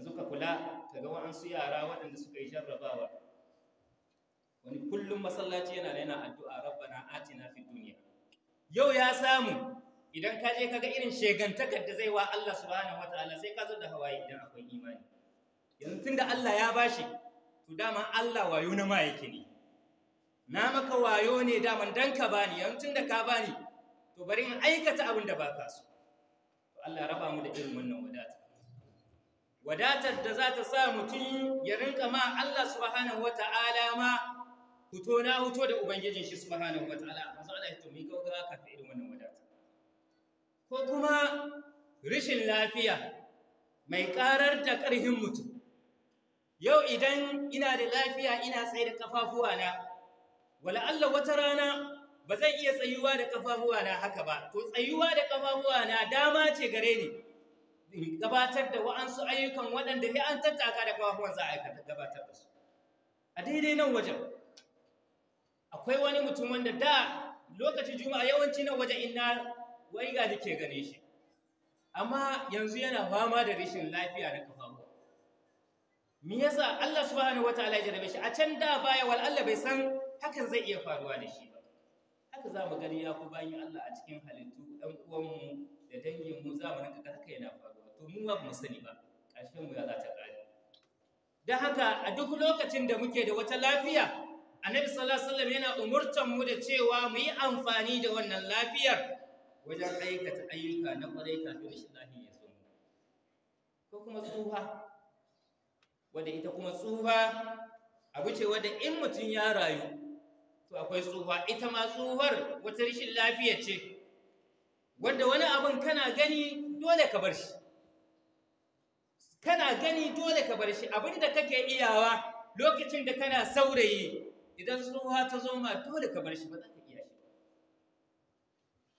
yanzu ka kula ka ga wa'ansu yara waɗanda suka yi jarrabawa wani kullum masallaci yana da yana addu'a rabbana atina fi dunya yau ya samu idan ka je kaga irin shegantakar da zai wa Allah subhanahu ta'ala sai ka zo da hawaye idan akwai imani yanzu da Allah ya bashi to dama Allah wayo na ma ne na maka wayo ne daman dan ka bani yanzu da ka bani to bari in aikata abin da baka so to Allah raba mu da irin wannan wadata wadatar da za ta sa mutum ya rinka ma Allah subhanahu wata'ala ma fito na da ubangijin shi subhanahu wata'ala masu Allah ya tumi gaugawa kafin irin wannan wadatar. ko kuma rishin lafiya mai ƙarar da ƙarhin mutum yau idan ina da lafiya ina tsaye da kafafuwana wala Allah wata rana ba zan iya tsayuwa da ƙafafuwana haka ba to tsayuwa da ƙafafuwana dama ce gare ni gabatar da wa'ansu ayyukan waɗanda ya an tattaka da kafafuwan za a aikata gabatar da su a daidai nan wajen akwai wani mutum wanda da lokacin juma'a yawanci nan wajen ina waiga da ke gane shi amma yanzu yana fama da rashin lafiya da kafafu me yasa Allah subhanahu wataala ya jarabe shi a can da baya wal Allah bai san hakan zai iya faruwa da shi ba haka za mu gani ya ku bayan Allah a cikin halittu ɗan uwanmu da danginmu za mu rinka haka yana faruwa to mun ba mu sani ba ƙarshen mu ya za ta ƙare don haka a duk lokacin da muke da wata lafiya annabi sallallahu alaihi wasallam yana umurtan mu da cewa mu yi amfani da wannan lafiyar wajen aikata ayyuka na kwarai kafin shi lahi ya zo ko kuma tsufa wanda ita kuma tsufa abu ce wanda in mutum ya rayu to akwai tsufa ita ma tsufar wata rashin lafiya ce wanda wani abin kana gani dole ka bar shi kana gani dole ka bar shi abin da kake iyawa lokacin da kana saurayi idan tsuha ta zo ma dole ka bar shi ba za ka iya shi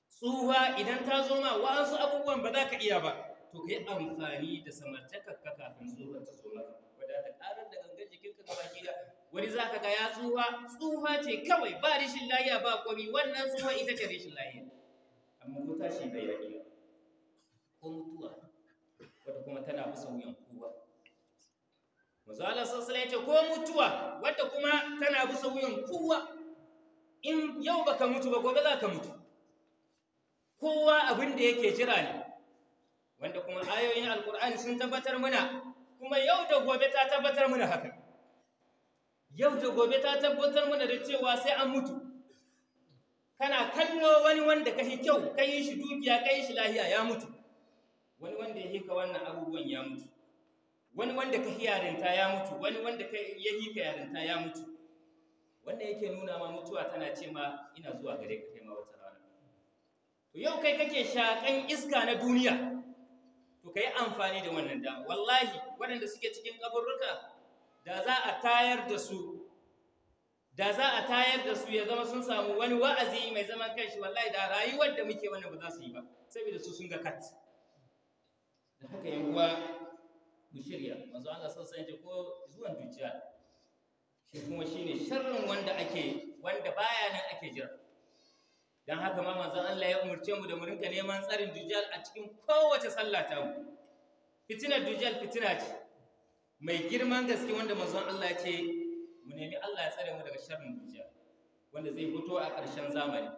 tsuha idan ta zo ma wasu abubuwan ba za ka iya ba to ka yi amfani da samartakar ka kan tsuha ta zo ma wadda karar da gangan ka gaba gida wani za ka ga ya tsuha tsuha ce kawai ba rishin lahiya ba komi wannan tsuha ita ce rishin lahiya amma ko tashi bai yaƙi ko mutuwa wata kuma tana bisa wuyan kowa manzo Allah sallallahu alaihi wasallam ya ce ko mutuwa wata kuma tana bisa wuyan kowa in yau baka mutu ba gobe za ka mutu kowa abin da yake jira ne wanda kuma ayoyin alkur'ani sun tabbatar mana kuma yau da gobe ta tabbatar mana haka yau da gobe ta tabbatar mana da cewa sai an mutu kana kallo wani wanda ka yi kyau ka yi shi dukiya ka yi shi lahiya ya mutu wani wanda ya hika wannan abubuwan ya mutu wani wanda ka yarinta ya mutu wani wanda ya hika yarinta ya mutu wannan yake nuna ma mutuwa tana ce ma ina zuwa gare ka kai ma wata rana to yau kai kake shakan iska na duniya to kai amfani da wannan da, wallahi waɗanda suke cikin kaburruka da za a tayar da su da za a tayar da su ya zama sun samu wani wa'azi mai zaman kanshi wallahi da rayuwar da muke wannan ba za su yi ba saboda su sun ga kat da kuka yi ruwa mu shirya manzo Allah sallallahu alaihi wasallam ko zuwan dujjal shi kuma ne sharrin wanda ake wanda baya nan ake jira Don haka ma manzo Allah ya umarce mu da mu rinka neman tsarin dujjal a cikin kowace sallah ta mu fitinar dujjal fitina ce mai girman gaske wanda manzo Allah ya ce mu nemi Allah ya tsare mu daga sharrin dujjal wanda zai fito a ƙarshen zamani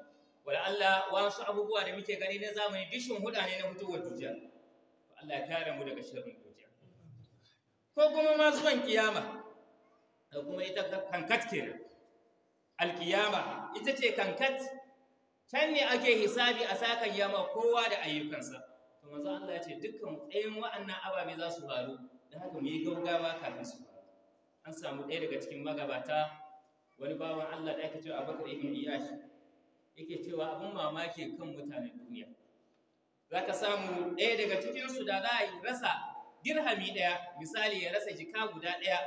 wala Allah wasu abubuwa da muke gani na zamani dishin huda ne na fitowar dujjal Allah ya kare mu daga sharrin dukiya ko kuma ma zuwan kiyama da kuma ita kankat ke alkiyama ita ce kankat can ne ake hisabi a sakan yama kowa da ayyukansa to manzo Allah ya ce dukkan tsayin wa'annan ababe za su faru da haka mu yi gaugawa kafin su an samu ɗaya daga cikin magabata wani bawan Allah da ake cewa Abubakar ibn Iyash yake cewa abin mamaki kan mutanen duniya za ka samu ɗaya daga cikinsu da za a rasa dirhami ɗaya misali ya rasa jika guda ɗaya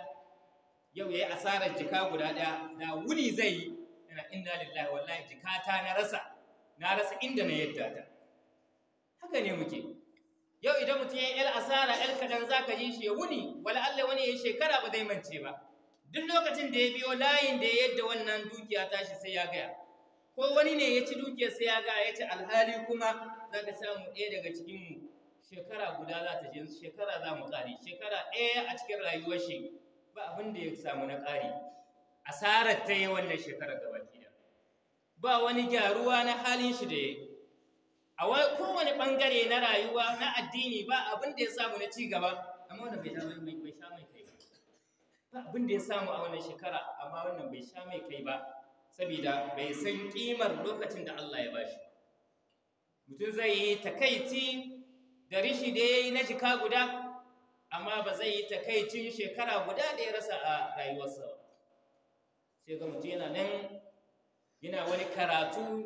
yau ya yi asarar jika guda ɗaya da wuni zai yi yana inda lillahi wallahi jika ta na rasa na rasa inda na yadda ta haka ne muke yau idan mutum ya yi ‘yar asara ‘yar kaɗan za ka yi shi ya wuni wala Allah wani ya yi shekara ba zai mance ba duk lokacin da ya biyo layin da ya yadda wannan dukiya tashi sai ya gaya ko wani ne ya ci dukiyar sai ya ga ya ci alhali kuma za ka samu ɗaya daga cikinmu shekara guda za ta je shekara za mu ƙare shekara ɗaya a cikin rayuwar shi ba abin da ya samu na ƙare asarar ta yi wannan shekara gaba ɗaya ba wani gyaruwa na halin shi da ya a kowane ɓangare na rayuwa na addini ba abin da ya samu na ci gaba amma wannan bai sha mai kai ba abin da ya samu a wannan shekara amma wannan bai sha mai kai ba saboda bai san kimar lokacin da Allah ya bashi mutum zai yi takaici da rishi da ya yi na jika guda amma ba zai yi takaicin shekara guda da ya rasa a rayuwarsa sai ga mutum yana nan yana wani karatu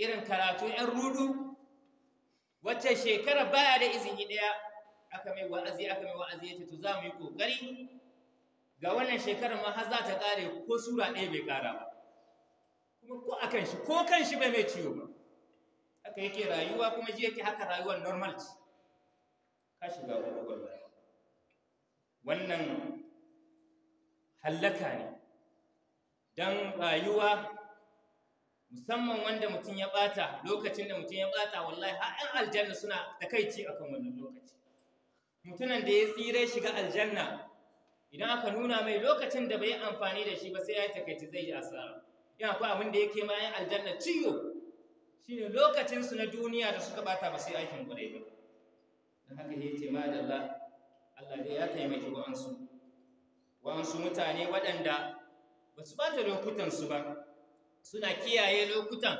irin karatu 'yan rudu wacce shekara baya da izini ɗaya aka mai wa'azi aka mai wa'azi ya to za mu yi ƙoƙari ga wannan shekarar ma har za ta kare ko sura ɗaya bai kara ba kuma ko a kan shi ko kan bai mai ciwo ba haka yake rayuwa kuma ji yake haka rayuwar normal ce ka shiga gwagwagwa wannan hallaka ne don rayuwa musamman wanda mutum ya bata lokacin da mutum ya bata wallahi har an aljanna suna takaici akan wannan lokaci mutunan da ya tsire shiga aljanna idan aka nuna mai lokacin da bai yi amfani da shi ba sai ya takaici zai yi asara yin akwai abin da yake mayan aljanna ciwo shi ne lokacinsu na duniya da suka bata ba sai aikin gudai ba don haka ya ce ma da Allah Allah da ya taimaki wa'ansu wa'ansu mutane waɗanda ba su bata lokutansu ba suna kiyaye lokutan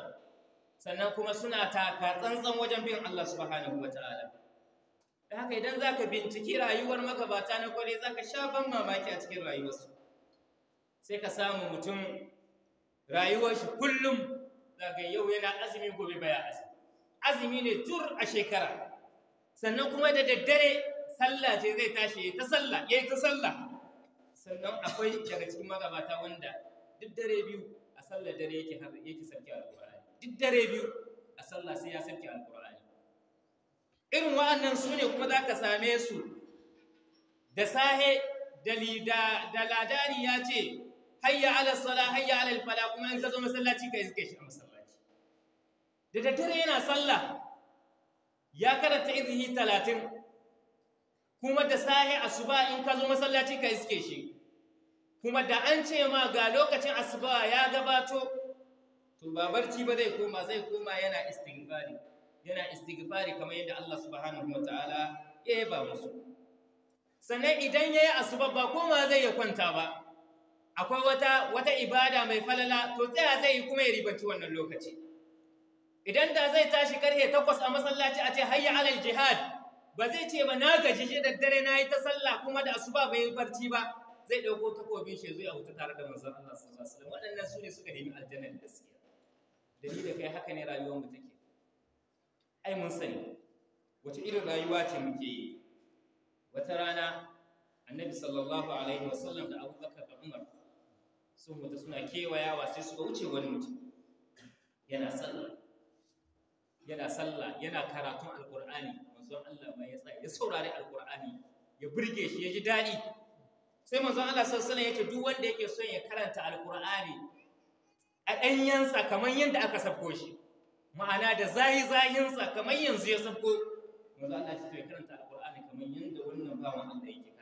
sannan kuma suna taka tsantsan wajen bin Allah subhanahu kuma ta'ala da haka idan za ka binciki rayuwar magabata na kwarai za ka sha ban mamaki a cikin rayuwarsu sai ka samu mutum rayuwar shi kullum daga yau yana azumi gobe baya azumi azumi ne tur a shekara sannan kuma da daddare sallah ce zai tashi ya ta sallah yayi ta sallah sannan akwai daga cikin magabata wanda duk dare biyu a sallar dare yake har yake sarki alqur'ani duk dare biyu a sallah sai ya sarki alqur'ani irin wa'annan su ne kuma zaka same su da sahe da lida da ladani ya ce hayya ala sala hayya ala fala kuma in ka zo masallaci ka iske shi a masallaci da daddare yana sallah ya karanta izihi talatin kuma da sahi asuba in ka zo masallaci ka iske shi kuma da an ce ma ga lokacin asuba ya gabato to ba barci ba zai koma zai koma yana istighfari yana istighfari kamar yadda Allah subhanahu wataala ya yaba musu sannan idan yayi asuba ba koma zai ya kwanta ba akwai wata wata ibada mai falala to tsaya zai yi kuma ya ribanci wannan lokaci idan da zai tashi karhe takwas a masallaci a ce hayya alal jihad ba zai ce ba na gaji shi daddare na yi ta sallah kuma da asuba bai yi barci ba zai ɗauko takobin shi zuwa hutu tare da manzon Allah sallallahu alaihi wasallam waɗannan su ne suka nemi aljanna da gaskiya dalilin kai haka ne rayuwar mu take ai mun sani wace irin rayuwa ce muke yi wata rana annabi sallallahu alaihi wasallam da abubakar da umar sun fita suna kewayawa sai suka wuce wani mutum yana sallah yana sallah yana karatun alkur'ani manzon Allah ma ya tsaya ya saurari alkur'ani ya burge shi ya ji daɗi sai manzon Allah sallallahu alaihi wasallam ya ce duk wanda yake son ya karanta alkur'ani a ɗanyensa kamar yanda aka sabko shi ma'ana da zahi zahinsa kamar yanzu ya sabko manzon Allah ya ce karanta alkur'ani kamar yadda wannan bawan Allah yake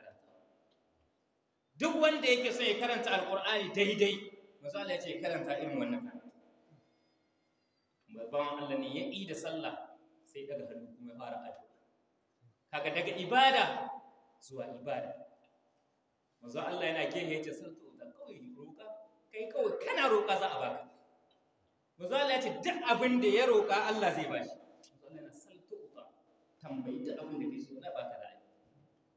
duk wanda yake so ya karanta alkur'ani daidai manzo Allah ya ce karanta irin wannan karatu babban Allah ne ya yi da sallah sai daga hannu kuma ya fara addu'a kaga daga ibada zuwa ibada manzo Allah yana gehe yace sallu da kawai roka kai kawai kana roka za a baka manzo Allah ya ce duk abin da ya roka Allah zai ba shi. manzo Allah yana sallu tambayi duk abin da ke so na baka da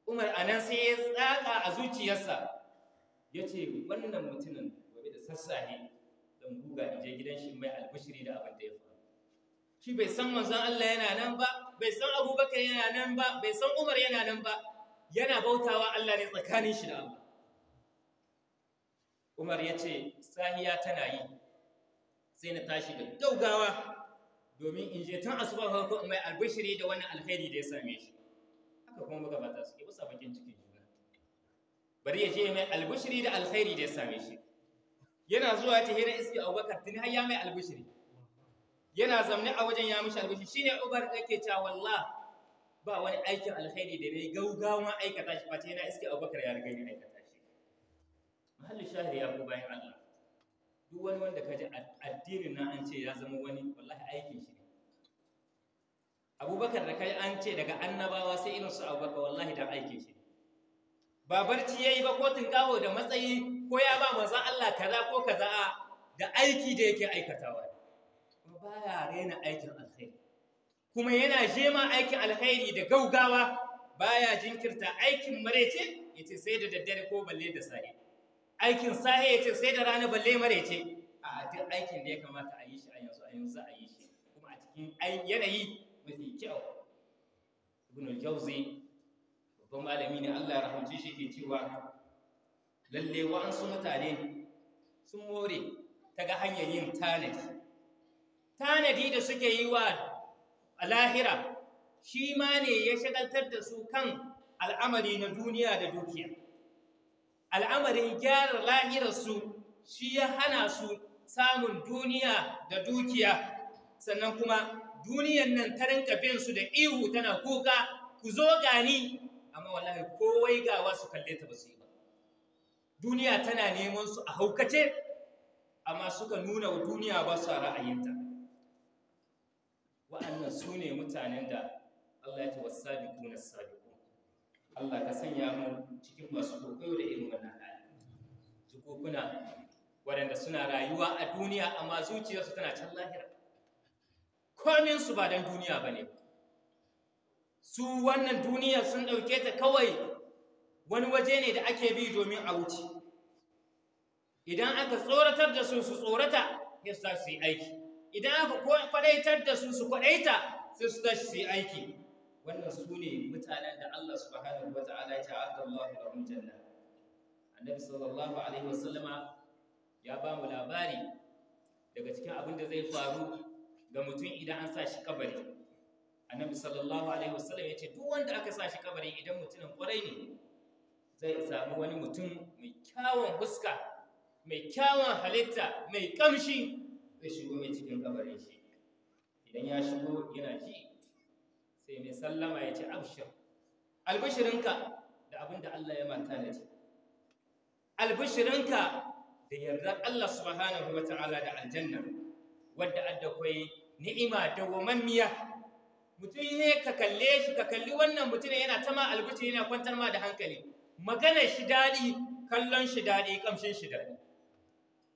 Umar anan sai ya tsaka a zuciyarsa ya ce wannan mutumin gobe da sassahe don buga in je gidan shi mai albushiri da abin da ya faru shi bai san manzon Allah yana nan ba bai san abubakar yana nan ba bai san umar yana nan ba yana bautawa Allah ne tsakanin shi da Allah umar ya ce sahiya tana yi sai na tashi da gaugawa domin in je tun asuba farko mai albushiri da wannan alheri da ya same shi haka kuma magabata suke wasa bakin cikin bari ya je mai albushiri da alkhairi da ya same shi yana zuwa ta hira iski abubakar tun har ya mai albushiri yana zamne a wajen ya mishi albushiri shine ubar yake cewa wallah ba wani aikin alkhairi da ne gaugawan aikata shi face yana iski abubakar ya riga ne aikata shi mahalli shahri ya ku bayan Allah duk wani wanda ka ji addinin na an ce ya zama wani wallahi aikin shi abubakar da kai an ce daga annabawa sai irinsu abubakar wallahi da aikin shi ba barci yayi ba ko kawo da matsayi ko ya ba manzon Allah kaza ko kaza da aiki da yake aikatawa baya rena aikin alkhairi kuma yana jema aikin alkhairi da gaugawa baya jinkirta aikin marece yace sai da daddare ko balle da sahi aikin sahi yace sai da rana balle marece a duk aikin da ya kamata a yi shi a yanzu a yanzu a yi shi kuma a cikin yanayi mafi kyau ibn al-jawzi babban malami ne Allah ya rahamci shi ke cewa lalle wa'ansu mutane sun more ta ga hanyar yin tanadi tanadi da suke yi wa a shi ma ne ya shagaltar da su kan al'amari na duniya da dukiya al'amarin gyara lahirarsu shi ya hana su samun duniya da dukiya sannan kuma duniyan nan ta rinka bin su da ihu tana kuka ku zo gani amma wallahi kowai ga su kalle ta ba su yi ba duniya tana neman su a haukace amma suka nuna wa duniya ba su ra'ayinta wa'annan su ne mutanen da Allah ya ce wasu kuna na sabiku Allah ka sanya mu cikin masu kokoyo da irin wannan hali jikokuna waɗanda suna rayuwa a duniya amma zuciyarsu tana can lahira komin su ba don duniya ba ne su wannan duniya sun ɗauke ta kawai wani waje ne da ake bi domin a wuce idan aka tsoratar da su su tsorata ya sa su yi aiki idan aka kwadaitar da su su kwadaita sai su tashi su yi aiki wannan su ne mutanen da Allah subhanahu wa ta'ala ya ta'adda Allah da mun janna annabi sallallahu alaihi wasallama ya ba mu labari daga cikin abin da zai faru ga mutum idan an sa shi kabari annabi sallallahu alaihi wasallam ya ce duk wanda aka sa shi kabari idan mutumin kwarai ne zai samu wani mutum mai kyawun huska mai kyawun halitta mai kamshi zai shigo mai cikin kabarin shi idan ya shigo yana ji sai mai sallama ya ce abshir albishirinka da abin da Allah ya mata da shi albishirinka da yardar Allah subhanahu wa ta'ala da aljanna wadda adda kwai ni'ima dawwamammiya mutum ne ka kalle shi ka kalli wannan mutum yana ta ma albuci yana kwantar ma da hankali magana shi daɗi kallon shi daɗi kamshin shi daɗi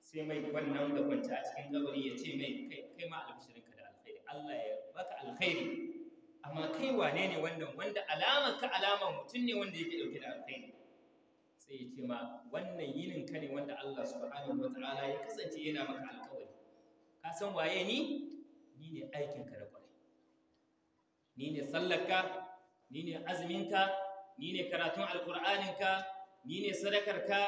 sai mai wannan da kwanta a cikin kabari ya ce mai kai ma albishirin ka da alkhairi Allah ya baka alkhairi amma kai wane ne wannan wanda alamar ka alama mutum ne wanda yake ɗauke da alkhairi sai ya ce ma wannan yinin ka ne wanda Allah subhanahu wataala ya kasance yana maka alkawari ka san waye ni ni ne aikin ka da ni ne sallarka ni ne azuminka ni ne karatun alkur'aninka ni ne sadakarka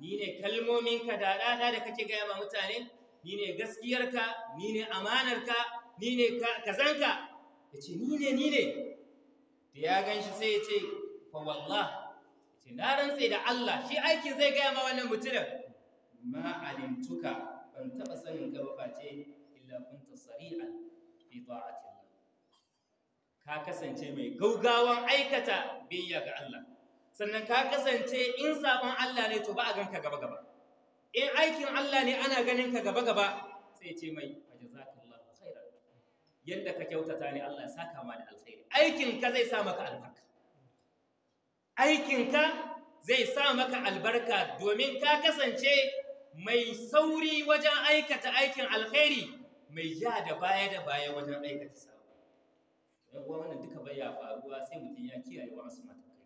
ni ne kalmominka da da kake gaya ma mutane ni ne gaskiyarka ni ne amanarka ni ne kazanka ya ce ni ne ni ne da ya gan sai ya ce fawallah ya ce na rantse da Allah shi aikin zai gaya ma wannan mutumin ma alimtuka ban taɓa sanin gaba face illa kunta sari'an fi ta'atin ka kasance mai gaugawan aikata biyayya ga Allah sannan ka kasance in sabon Allah ne to ba a ganka gaba gaba in aikin Allah ne ana ganin ka gaba gaba sai ce mai jazakallahu khairan yadda ka kyautata ne Allah ya saka ma da alkhairi aikin ka zai sa maka albarka aikin ka zai sa maka albarka domin ka kasance mai sauri wajen aikata aikin alkhairi mai ja da baya da baya wajen aikata yawa wannan duka baya faruwa sai mutum ya kiyaye wasu matakai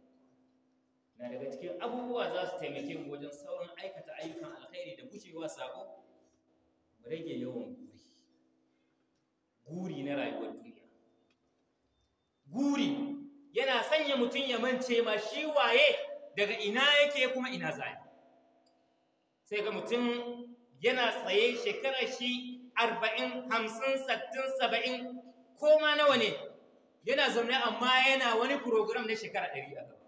na daga cikin abubuwa za su taimake mu wajen sauran aikata ayyukan alkhairi da gujewa sako rage yawan buri, guri na rayuwar duniya guri yana sanya mutum ya mance ma shi waye daga ina yake kuma ina zai sai ga mutum yana tsaye shekarar shi arba'in hamsin sattin saba'in ko nawa ne yana zaune amma yana wani program na shekara ɗari a gaba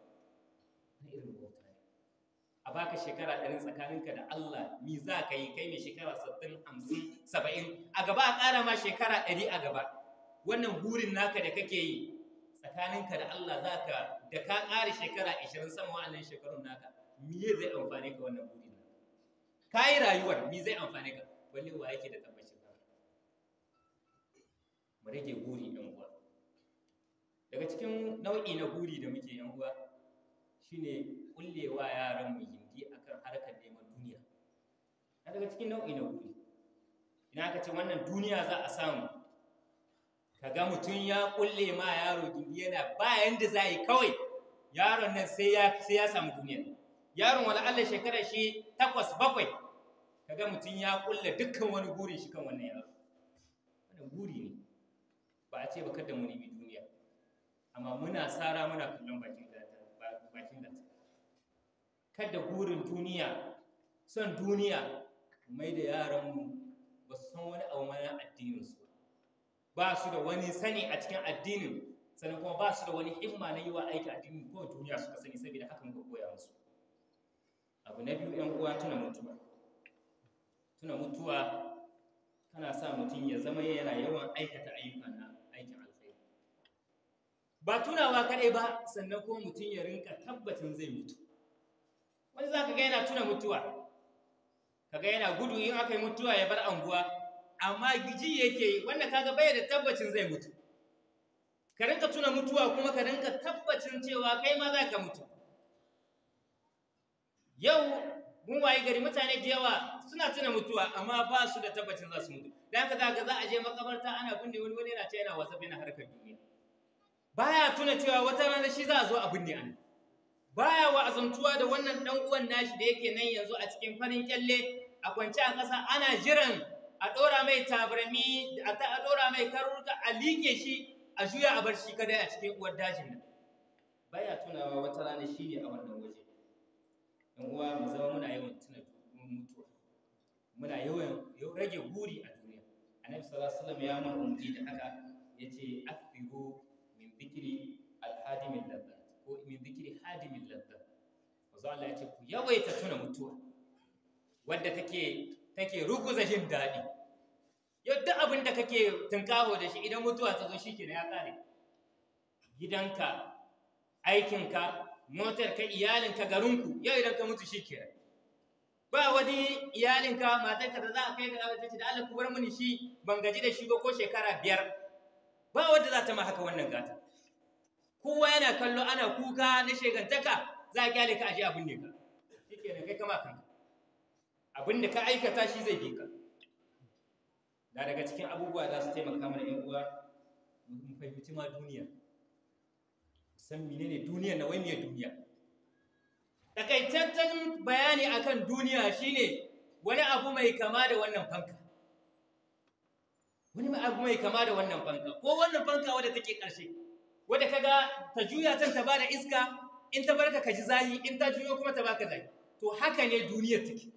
a baka shekara ɗari tsakaninka da Allah ni za ka yi kai mai shekara sattin hamsin saba'in a gaba a ƙara ma shekara ɗari a gaba wannan hurin naka da kake yi tsakaninka da Allah za ka da ka ƙara shekara ishirin sama wa'annan shekarun naka Mi zai amfani ka wannan hurin naka ka yi rayuwar mi zai amfani ka Wani wa yake da tabbacin ka mu rage buri ɗan uwa daga cikin nau'i na buri da muke yan uwa shine kullewa yaran mu gindi akan harkar neman duniya na daga cikin nau'i na buri ina ka ce wannan duniya za a samu Ka ga mutum ya kulle ma yaro gindi yana bayan da za yi kawai yaron nan sai ya sai ya samu duniya yaron wala Allah shekara shi takwas bakwai kaga mutum ya kulle dukkan wani burin shi kan wannan yaro wannan buri ne ba a ce ba kada mu nemi amma muna tsara muna kallon bakin da kada gurin duniya son duniya mai da yaranmu ba su san wani abu mana addininsu ba su da wani sani a cikin addinin sannan kuma ba su da wani himma na yi wa aiki addinin ko duniya suka sani saboda haka muka koya musu abu na biyu yan uwa tuna mutuwa tuna mutuwa tana sa mutum ya zama yana yawan aikata ayyuka na ba tunawa kaɗai ba sannan kuma mutum ya rinka tabbacin zai mutu wani za ka ga yana tuna mutuwa ka ga yana gudu in aka yi mutuwa ya bar anguwa amma giji yake yi wannan kaga bai da tabbacin zai mutu ka rinka tuna mutuwa kuma ka rinka tabbacin cewa kai ma za ka mutu yau mun waye gari mutane da yawa suna tuna mutuwa amma ba su da tabbacin za su mutu da haka za za a je makabarta ana binne wani wani yana ce yana wasa bin harkar duniya baya tuna cewa wata rana shi za a zo a binne an baya wa'azantuwa da wannan dan uwan nashi da yake nan yanzu a cikin farin kyalle a kwance a ƙasa ana jiran a ɗora mai tabarmi a ɗora mai karuka a liƙe shi a juya a bar shi kadai a cikin uwar dajin nan baya tunawa wata rana shi ne a wannan waje dan uwa mu zama muna yawan tuna mutuwa muna yawan rage guri a duniya annabi sallallahu alaihi wasallam ya mun ummi da haka yace akbiru zikiri al-hadim al ko min zikiri hadim al-ladhat manzo Allah ya ce ku yawaita tuna mutuwa wanda take take ruguza jin daɗi yadda abin da kake tunkaho da shi idan mutuwa ta zo shi ya kare gidanka aikinka ka iyalinka garinku yau idan ka mutu shi kenan ba wani iyalinka matarka da za a kai ga ta ce da Allah ku bar mini shi ban gaji da shi ba ko shekara biyar ba wanda za ta ma haka wannan gata kowa yana kallo ana kuka na shegantaka za a kyale ka ashe abin ne ka shike da kai kama kanka abin da ka aikata shi zai ke ka da daga cikin abubuwa za su taimaka mana yan uwa mu fahimci ma duniya san ne duniya na wai me duniya takaitaccen bayani akan duniya shine wani abu mai kama da wannan fanka wani abu mai kama da wannan fanka ko wannan fanka wadda take ƙarshe wadda kaga ta juya can ta bada iska in ta barka ka ji zayi in ta juyo kuma ta baka zayi to haka ne duniyar take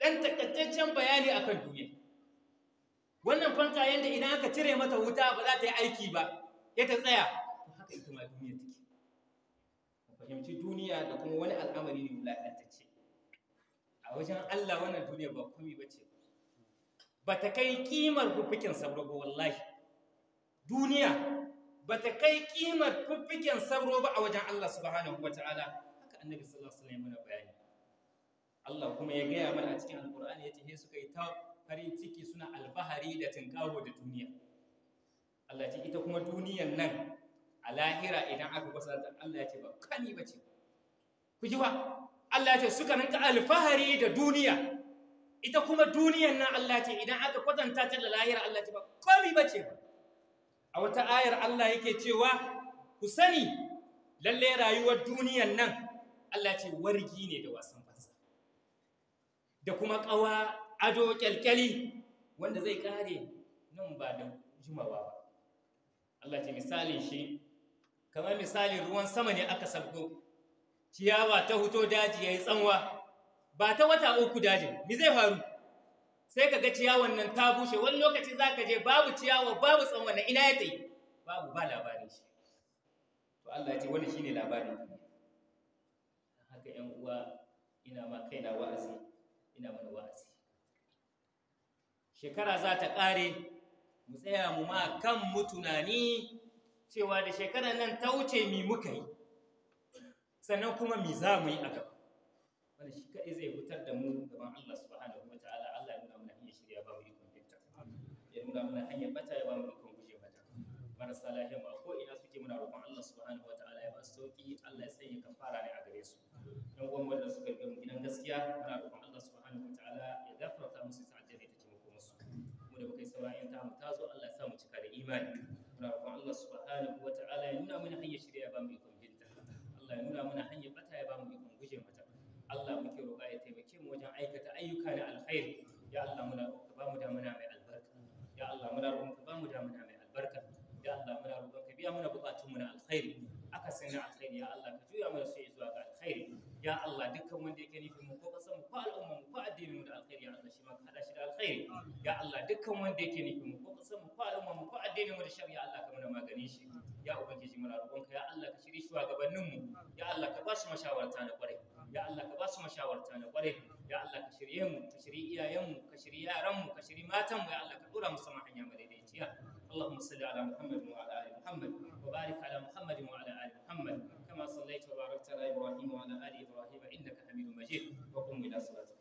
dan takaitaccen bayani akan duniya wannan fanka yanda idan aka cire mata wuta ba za ta yi aiki ba ya ta tsaya to haka ita ma duniya take fahimci duniya da kuma wani al'amari ne wulaƙantacce a wajen Allah wannan duniya ba komai ba ce ba ta kai kimar fufukin sabra ba wallahi duniya bata kai kimar fiffiken sabro ba a wajen Allah subhanahu ta’ala haka annabi sallallahu alaihi wasallam mana bayani Allah kuma ya gaya mana a cikin alqur'ani ya ce su kai ta farin ciki suna albahari da tinkawo da duniya Allah ce ita kuma duniyan nan a lahira idan aka kwasa ta Allah ya ce ba kani ce. ku ji ba Allah ce suka ninka alfahari da duniya ita kuma duniyan nan Allah ce idan aka kwatanta ta da lahira Allah ce ba ba ce ba a wata ayar Allah yake cewa ku sani lalle rayuwar duniyan nan Allah ce wargi ne da wasan banza da kuma kawa ado kyalkyali wanda zai kare nan ba da jimawa ba Allah ce misalin shi kamar misalin ruwan sama ne aka sabgo ciyawa ta huto daji yayi tsanwa ba ta wata uku daji, me zai faru sai ka ga ciyawan nan ta bushe wani lokaci za ka je babu ciyawa babu tsawon ina ya ta yi babu ba labarin shi to Allah ya ce wani shine labarin haka ‘yan uwa ina ma kaina wa'azi ina mana wa'azi shekara za ta ƙare mu tsaya mu ma kan mu tunani cewa da shekarar nan ta wuce mi muka yi sannan kuma mi za mu yi a gaba wanda shi kaɗai zai fitar da mu gaban Allah subhanahu wa ya ba mu ikon ya nuna mana hanyar ya ba mu ikon guje mata marasa lafiya ba ko ina suke muna roƙon Allah subhanahu wataala ya ba su sauki Allah ya sanya kafara ne a gare su dan uwan wanda suka bi mu gidan gaskiya muna roƙon Allah subhanahu wataala ya gafarta musu ta ajiyar ta taimako musu mu da muka yi ta mu tazo Allah ya sa mu cika da imani muna roƙon Allah subhanahu wataala ya nuna mana hanyar shirya ya ba mu ikon Allah ya nuna mana hanyar bata ya ba mu ikon guje mata Allah muke roƙa ya taimake mu wajen aikata ayyuka na alkhairi ya Allah muna roƙa ba mu damuna mai albarka ya Allah muna roƙon ka ba mu damuna mai albarka ya Allah muna roƙon ka biya mana buƙatun mu na alkhairi aka sanya alkhairi ya Allah ka juya mana shi zuwa ga alkhairi ya Allah dukkan wanda yake nufin mu ko kasan mu ko al'umma mu ko addinin mu da alkhairi ya Allah shi ma ka hada shi da alkhairi ya Allah dukkan wanda yake nufin mu ko kasan mu ko al'umma mu ko addinin mu da shari'a Allah ka mana magani shi ya ubangiji muna roƙon ka ya Allah ka shiri shugabannin mu ya Allah ka ba su mashawarta na kwarai ya Allah ka ba su mashawarta na ƙware. ya Allah ka shirye mu ka shirye iyayen mu ka shirye yaran mu ka shirye matan mu ya Allah ka dora mu sama hanya madaidaiciya اللهم صل على محمد وعلى ال محمد وبارك على محمد وعلى ال محمد كما صليت وباركت على ابراهيم وعلى ال ابراهيم انك حميد مجيد وقم الى صلاتك